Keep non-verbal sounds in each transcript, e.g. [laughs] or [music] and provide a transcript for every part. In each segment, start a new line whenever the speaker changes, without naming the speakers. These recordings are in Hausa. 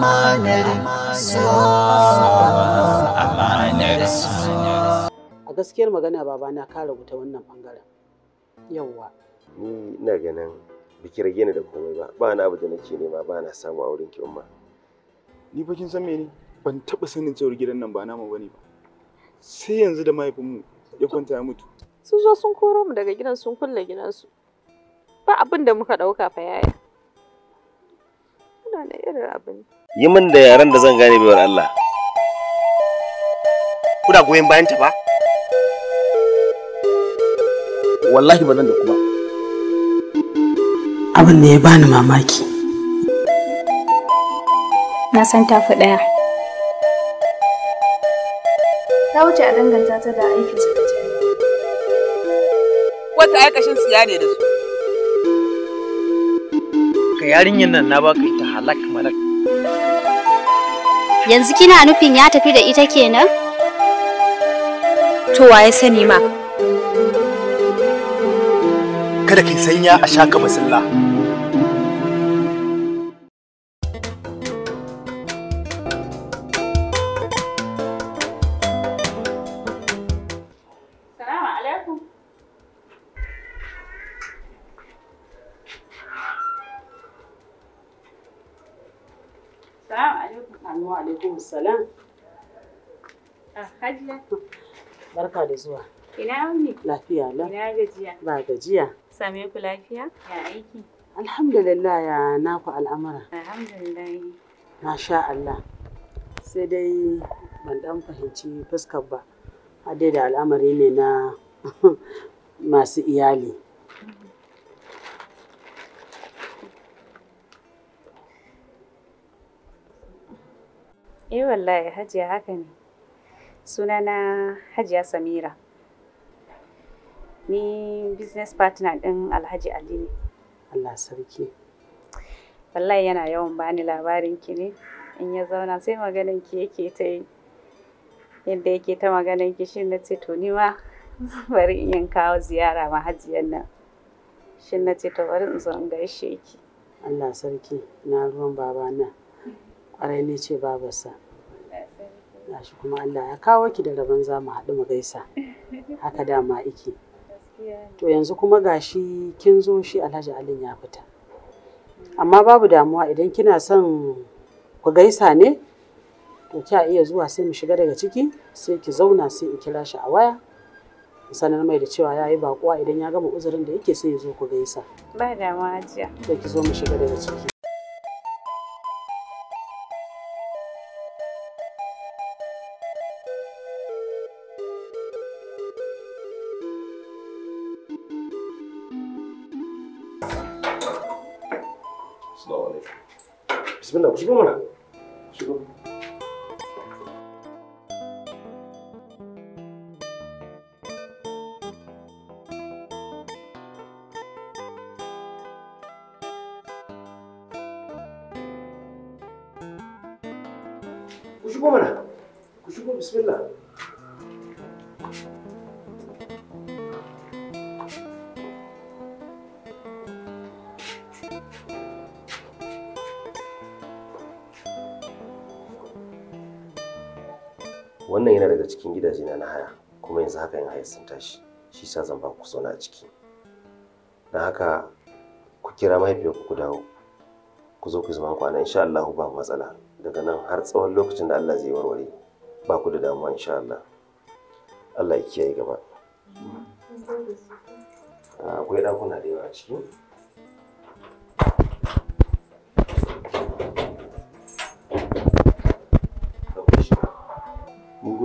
a
gaskiyar magana baba na kare wuta wannan bangaren yauwa
ni ina ganin bikin rage ni da komai ba ba na abu da nake nema ba na samu auren ki umma ni fa kin san me ne ban taba sanin cewar gidan nan ba namu bane ba sai yanzu da mahaifinmu ya kwanta ya mutu
sun zo sun koro mu daga gidan sun kulle gidansu ba abin da muka dauka fa yaya Muna da irin abin
yi min da yaren da zan gane baiwar Allah kuna goyon bayan ta ba wallahi ba nan da kuma
abin da ya bani mamaki
na san tafi ɗaya ta wuce a danganta ta da aikin su da wata aikashin siya ne da su
ka yarinyar nan na baka ita halak malak
Yanzu kina nufin ya tafi da ita kenan? To waye sani ma.
Kada ki sanya a shaka masalla.
wa alaikum salam. Ah, Hajiya. Barka da zuwa. Ina wuni? Lafiya la,
Ina gajiya.
Ba gajiya.
Same ku lafiya? Ya aiki.
Alhamdulillah ya naku al'amura.
Alhamdulillah.
Masha Allah. Sai dai ban dan fahimci fuskar ba. Hadai da al'amari ne na [laughs] masu iyali.
Eh wallahi Hajiya haka ne. Sunana Hajiya Samira. Ni business partner ɗin Alhaji Ali
ne. Allah sarki.
Wallahi yana yawan bani labarin ki ne. In ya zauna sai maganar ki yake ta yi. Yadda yake ta maganar ki shin na ce to ni ma [laughs] bari in yin kawo ziyara ma hajiyan nan. Shin na ce to bari in zo in gaishe ki.
Allah sarki na ruwan baba nan. Ƙarai ne ce babarsa. shi kuma Allah ya kawo ki da rabon za mu haɗu mu gaisa. Haka dama iki. To yanzu kuma gashi kin zo shi Alhaji Alin ya fita. Amma babu damuwa idan kina son ku gaisa ne, to kya iya zuwa sai mu shiga daga ciki sai ki zauna sai in kira shi a waya sanar mai da cewa ya yi bakuwa idan ya gama uzurin da yake sai ya zo ku gaisa.
Ba damuwa jiya. Sai
ki zo mu shiga daga ciki.
のは지금은지금 gidaje na haya kuma yanzu haka yin haya sun tashi shi sa zan ba ku a ciki na haka ku kira mahaifiyarku ku dawo ku zo ku zama kwana insha Allah ba matsala daga nan har tsawon lokacin da Allah zai warware ba ku da damuwa insha Allah Allah ya kiyaye gaba akwai ɗakuna da yawa a ciki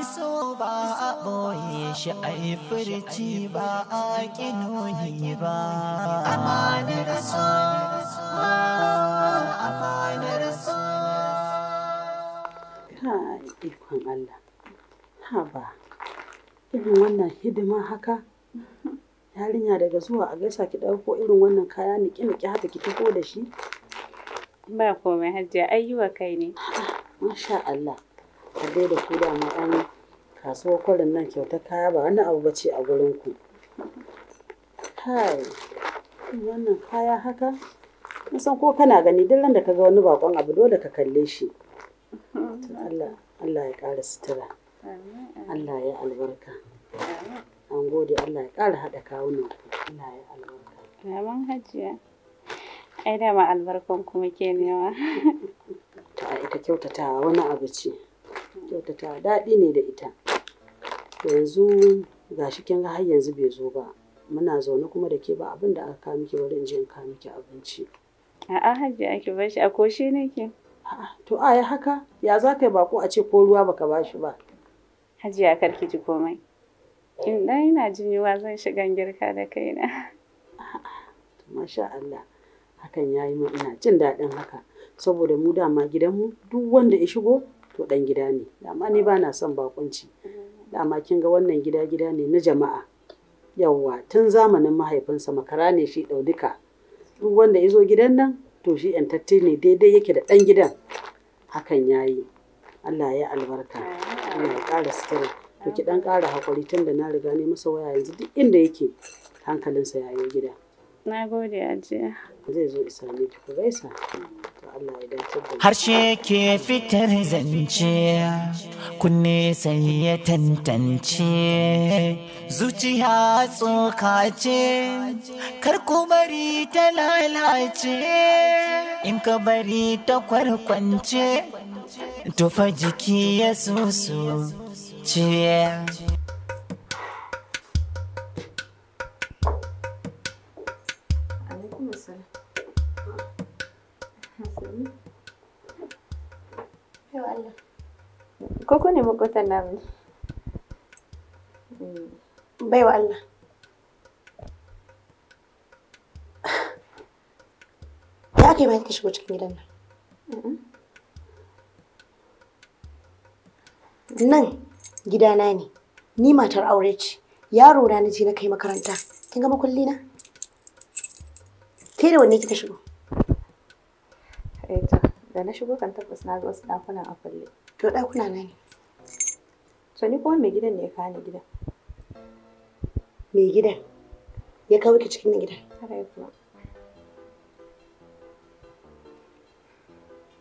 iso ba a ɓoye shi a yi furci ba a ƙinoni ba amanar so amanar so
kai ikon Allah ba irin wannan hidima haka yarinya daga zuwa a gaisa ki ɗauko irin wannan kaya niki niki haka ki taho da shi
ba komai hajjiya ai kai ne
masha Allah san da ku ma an kasuwa kwarin nan kyautar kaya ba wani abu bace a gurin ku kai wannan kaya haka na san ko kana gani duk da ka ga wani bakon abu dole ka kalle shi Allah Allah ya ƙara sutura Allah ya albarka an gode Allah ya ƙara haɗa kawunan ku Allah ya albarka
Amin hajiya ai ma albarkan kuma ke newa
[laughs] ta ita kyautatawa wani abu ce kyautata daɗi ne da ita to yanzu gashi kin ga har yanzu bai zo ba muna zaune kuma da ke ba abin da aka kawo miki bari in je in kawo miki abinci
a'a hajji ake ba shi a koshe nake a'a to a ya haka ya
za ka yi bako a ce ko ruwa baka ba shi ba hajji ya karki ji komai
in dan ina jin zan shiga girka da kaina
to masha Allah hakan yayi mu ina jin daɗin haka saboda mu dama gidanmu duk wanda ya shigo to dan gida ne amma ni ba na son bakunci dama kin ga wannan gida gida ne na jama'a yawwa tun zamanin mahaifinsa makara ne shi ɗauduka duk wanda ya zo gidan nan to shi yantatte ne daidai yake da ɗan gidan hakan ya yi allah ya albarka allah ya ƙara sitira to ki ɗan ƙara haƙuri tun da na riga ne masa waya yanzu duk inda yake hankalinsa ya yi gida na gode ajiya zai zo ku gaisa to
harshe ke fitar
zance kunne sai ya tantance
zuciya tsoka ce kar ku bari ta lalace in ka bari ta kwarkwance
tufa jiki ya susu ce
Thank you. ko ku ne makotan mm.
Allah ya bayan ka shigo cikin gidan nan nan gidana ne ni matar aure ce yaro na ce na kai makaranta kin ga makulli na ke da wanne kika shigo
da na shigo kan tabbas na ga wasu ɗakunan a kulle
to ɗakuna na ne to ni kuma mai gidan ne ya kawo ni gidan mai gidan ya kawo ki cikin gidan harai kuma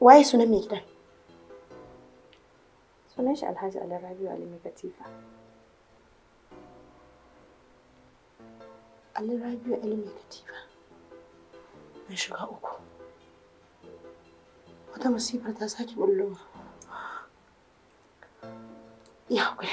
waye sunan mai gidan sunan shi alhaji wa alimi katifa wa alimi katifa mai shiga uku wata masifar ta sake bullowa ya hakuri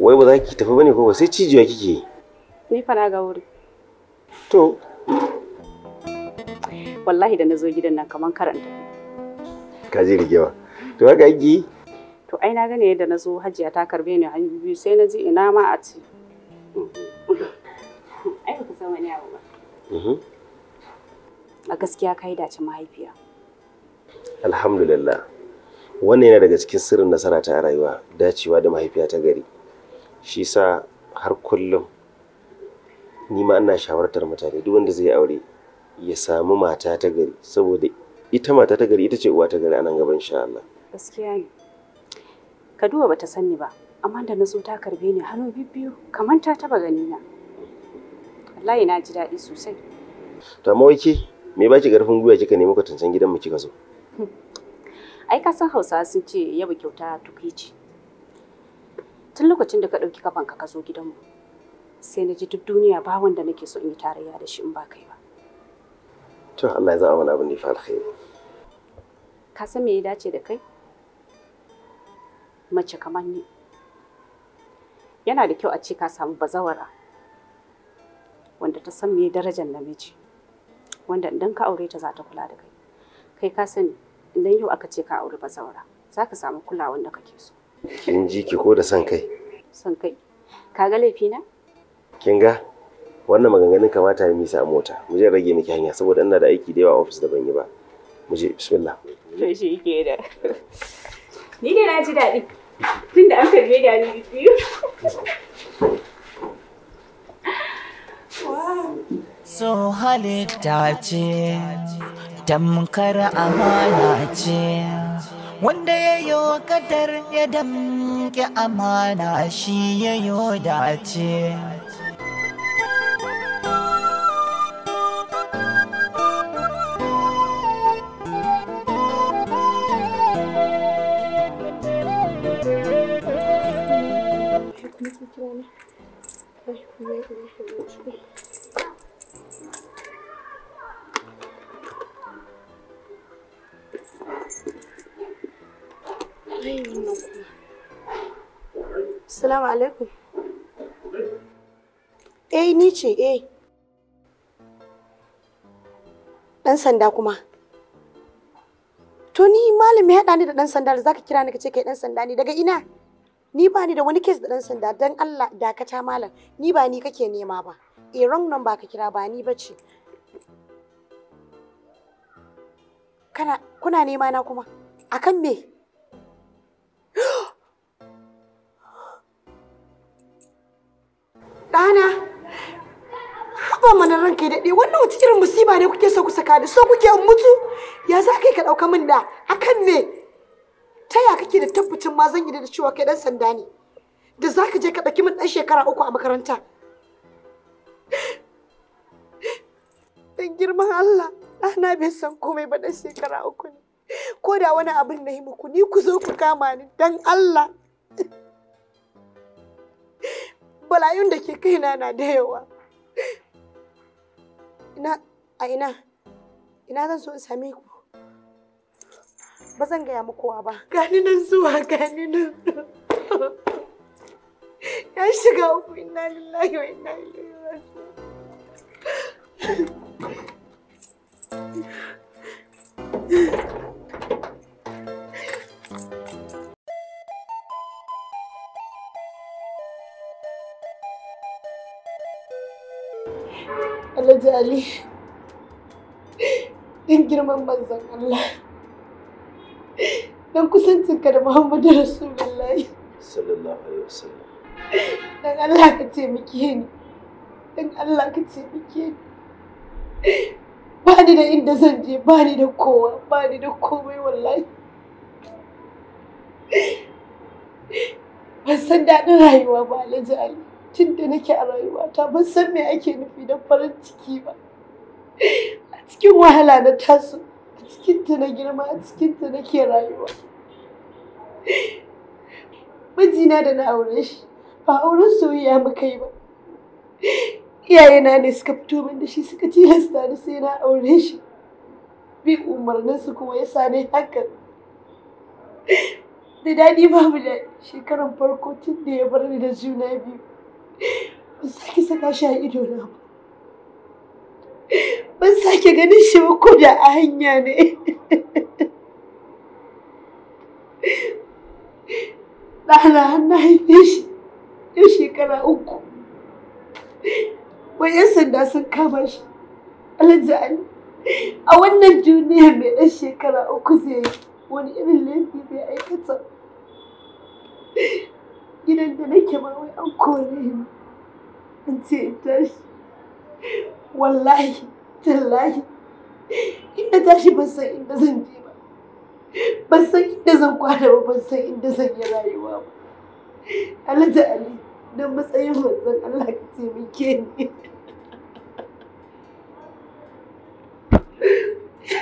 wai ba za ki tafi bane ko ba sai cijiya kike yi
ni fa na ga wuri to wallahi da na zo gidan nan kaman karanta
ka je rigewa to haka yi
to ai na gane yadda na zo hajiya ta karbe ni hanyu biyu sai na ji ina ma a ci ai ba ku san wani abu ba mhm. a gaskiya ka yi dace mahaifiya
alhamdulillah wannan yana daga cikin sirrin nasara ta rayuwa dacewa da mahaifiya ta gari shi sa har kullum ni ma ina shawartar mutane duk wanda zai aure ya samu mata ta gari saboda ita mata ta gari ita ce uwa ta gari a nan gaba insha Allah
gaskiya ne Kaduwa bata sani ba amma da na zo ta karbe ni hannu bibbiyu kamar ta taba gani na wallahi na ji daɗi sosai
to amma wai ke me baki karfin gwiwa kika nemi kwatancan gidan mu kika zo
ai ka san Hausawa sun ce yaba kyauta tukuici tun lokacin da ka ɗauki kafanka ka zo gidanmu sai na ji duk duniya ba wanda nake so in yi tarayya da shi in ba kai ba
to Allah ya zama mana abin da ya alkhairi
ka san me ya dace da kai mace kamar ni yana da kyau a ce ka samu bazawara wanda ta san me darajar namiji wanda idan ka aure ta za ta kula da kai kai ka sani idan yau aka ce ka aure bazawara za ka samu kulawan da kake so
kin ji ki ko da san kai
san kai ka ga laifi na
kin ga wannan maganganun kamata ya misa a mota mu je rage miki hanya saboda ina da aiki da yawa office da ban yi ba mu je bismillah
to shi yake da ni ne na ji dadi tunda an karbe da ni biyu
So halitta ce, tamkar amana ce. wanda ya yi kadar ya damke amana shi ya yi dace Thank you. Assalamu alaikum. Eh ni ce eh. Ɗan sanda kuma. To ni malami haɗa ni da ɗan sanda da zaka kira ni ka ce kai ɗan sanda ne daga ina? Ni ba ni da wani kes da ɗan sanda dan Allah dakata malam ni ba ni kake nema ba. Eh wrong number ka kira ba ni bace. Kana kuna nema na kuma akan me? ranka ya daɗe wannan wata irin musiba ne kuke so ku saka da so kuke mutu ya za kai ka ɗauka min da akan ne ta ya kake da tabbacin ma zan yi da cewa kai ɗan sanda ne da za ka je ka ɗauki min ɗan shekara uku a makaranta dan girman Allah ɗana bai san komai ba ɗan shekara uku ne ko da wani abin na yi muku ni ku zo ku kama ni dan Allah [laughs] bala'yun da ke kaina na da yawa Ina a ina? Ina zan so in same ku? Ba zan gaya mu kowa ba. Gani nan zuwa gani nan. [laughs] Ya shiga uku inna lillahi wa inna ilaihi. Ali, don girman manzan Allah, don kusancinka da Muhammadu Rasulullahi.
Sallallahu Alaihi Wasallam.
Don Allah ka ce taimake ni, don Allah ka ce taimake ni. Ba ni da inda zan je, ba ni da kowa, ba ni da komai wallahi. Ban san daɗin rayuwa ba, Alhaji Ali. tun da nake a rayuwata ban san me ake nufi da farin ciki ba a cikin wahala na taso a cikin ta na girma a cikin cikinta nake rayuwa mijina da na aure shi ba auren soyayya muka yi ba Iyaye na ne suka fito min da shi suka tilasta ni sai na aure shi bi umarninsu kuma ya sa ni hakan da daɗi babu da shekaran farko tun da ya bar ni da juna biyu ban sake saka shi a ido na ba
ban sake ganin shi
ba ko da a hanya ne ɗana na haife shi yau shekara uku wai 'yan sanda sun kama shi alhaji a wannan duniyar mai ɗan shekara uku zai wani irin laifi zai aikata gidan da nake ba wai an kore ni an ce tashi wallahi tallahi inda tashi ban san inda zan je ba ban san inda zan kwada ba ban san inda zan yi rayuwa ba alhaji ali don matsayin wanzan allah ka taimake ni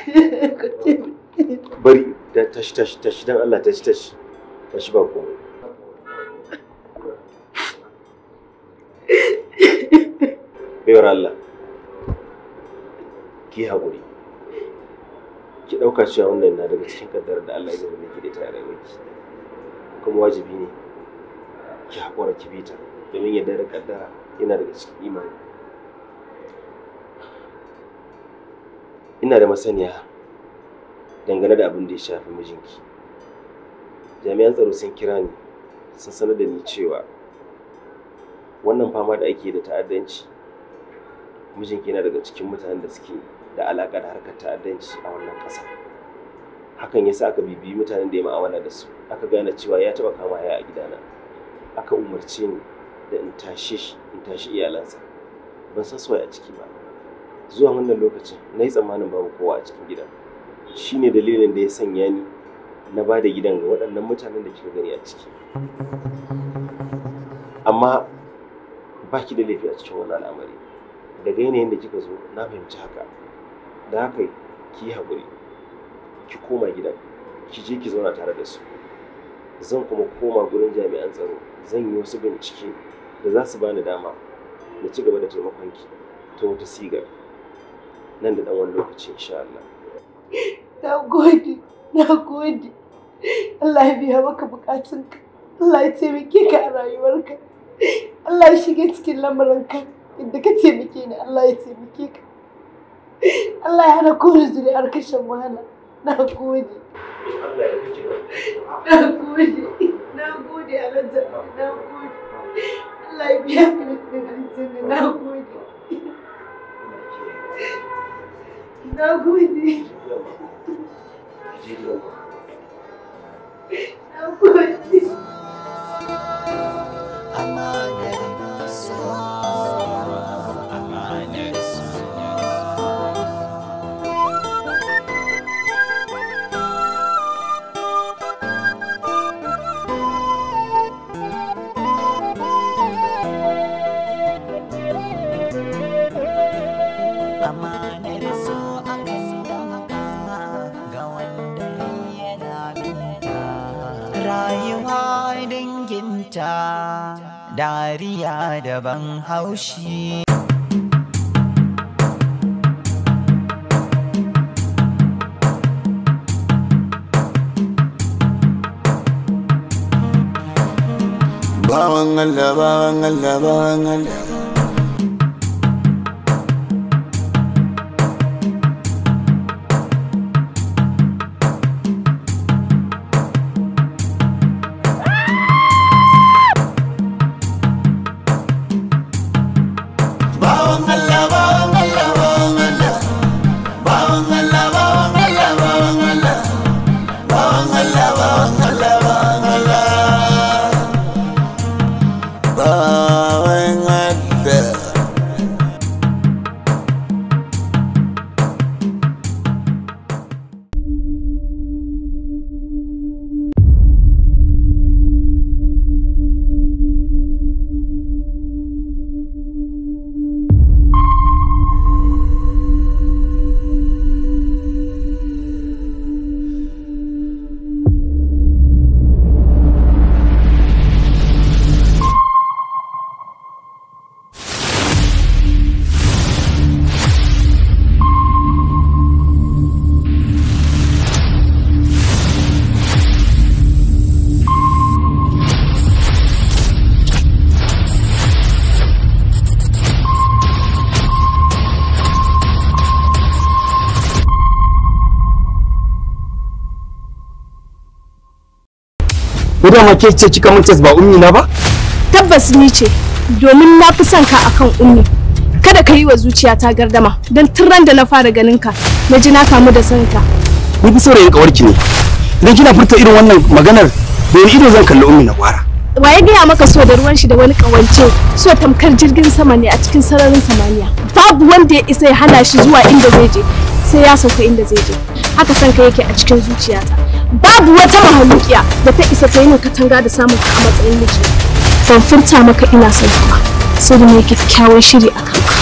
[laughs] bari
tashi tashi tashi don allah tashi tashi tashi ba komai baiwar Allah ki haƙuri ki ɗauka cewa wannan na daga cikin kaddarar da Allah ya zama miki da tare da ki kuma wajibi ne ki haƙura ki bi ta domin yadda da kaddara yana daga cikin imani ina da masaniya dangane da abin da ya shafi mijinki jami'an tsaro sun kira ni sun sanar da ni cewa wannan fama da ake da ta'addanci mijinki yana daga cikin mutanen da suke da alaƙa da harkar ta'addanci a wannan ƙasa hakan yasa aka bibiyi mutanen da ya ma'amala da su aka gane cewa ya taba kama haya a gidana aka umarce ni da in tashe shi in tashi iyalansa ban san suwaye a ciki ba zuwa wannan lokacin na yi tsammanin babu kowa a cikin gidan shine dalilin da ya sanya ni na ba da gidan ga waɗannan mutanen da kika gani a ciki amma ba ki da laifi a cikin wannan al'amari daga yanayin da kika zo na fahimci haka da haka ki yi haƙuri ki koma gida ki je ki zauna tare da su zan kuma koma gurin jami'an tsaro zan yi wasu bincike da za su bani dama na ci gaba da taimakon ki ta wata sigar nan da ɗan wani lokaci insha Allah.
Na gode, na gode. Allah ya biya maka bukatunka. Allah ya taimake ka a rayuwarka. Allah ya shige cikin lamarinka. inda ka taimake ni Allah ya taimake ka Allah ya hana kowane zuri'ar kashin wahala na gode na gode na gode alhaji na gode Allah ya biya ka da na gode na gode na gode
haushi
Bawan Allah, bawan Allah, bawan Allah.
dama ke ce kika mun ba ummi na ba
tabbas ni ce domin na fi son ka akan ummi kada ka yi wa zuciya ta gardama don tun da na fara ganin ka na ji na kamu da son ka
ni fi saurayin kawarki ne idan kina furta irin wannan maganar da wani ido zan kalli ummi na gwara
wa ya gaya maka so da ruwan shi da wani kawance so tamkar jirgin sama ne a cikin sararin samaniya babu wanda ya isa ya hana shi zuwa inda zai je sai ya sauka inda zai je haka son ka yake a cikin zuciyata babu wata mahalukiya da ta isa ta yi maka katanga da samun ka a matsayin miji ban furta maka ina son ka ba sai da mai kyakkyawan shiri a kanka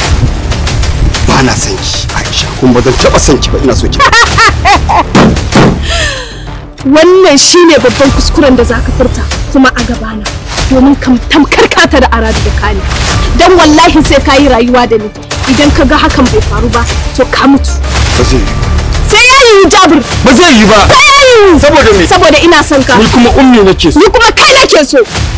ba na son ki aisha kuma ba zan taba son ki ba ina so ki [laughs]
wannan shine babban kuskuren da za ka furta kuma a gabana domin ka tamkar ta da aradu da kani dan wallahi sai ka yi rayuwa da ni idan ka ga hakan bai faru ba to ka mutu zai yi jabir ba zai yi ba saboda me saboda ina son ka ni kuma ummi nake so ni kuma kai nake so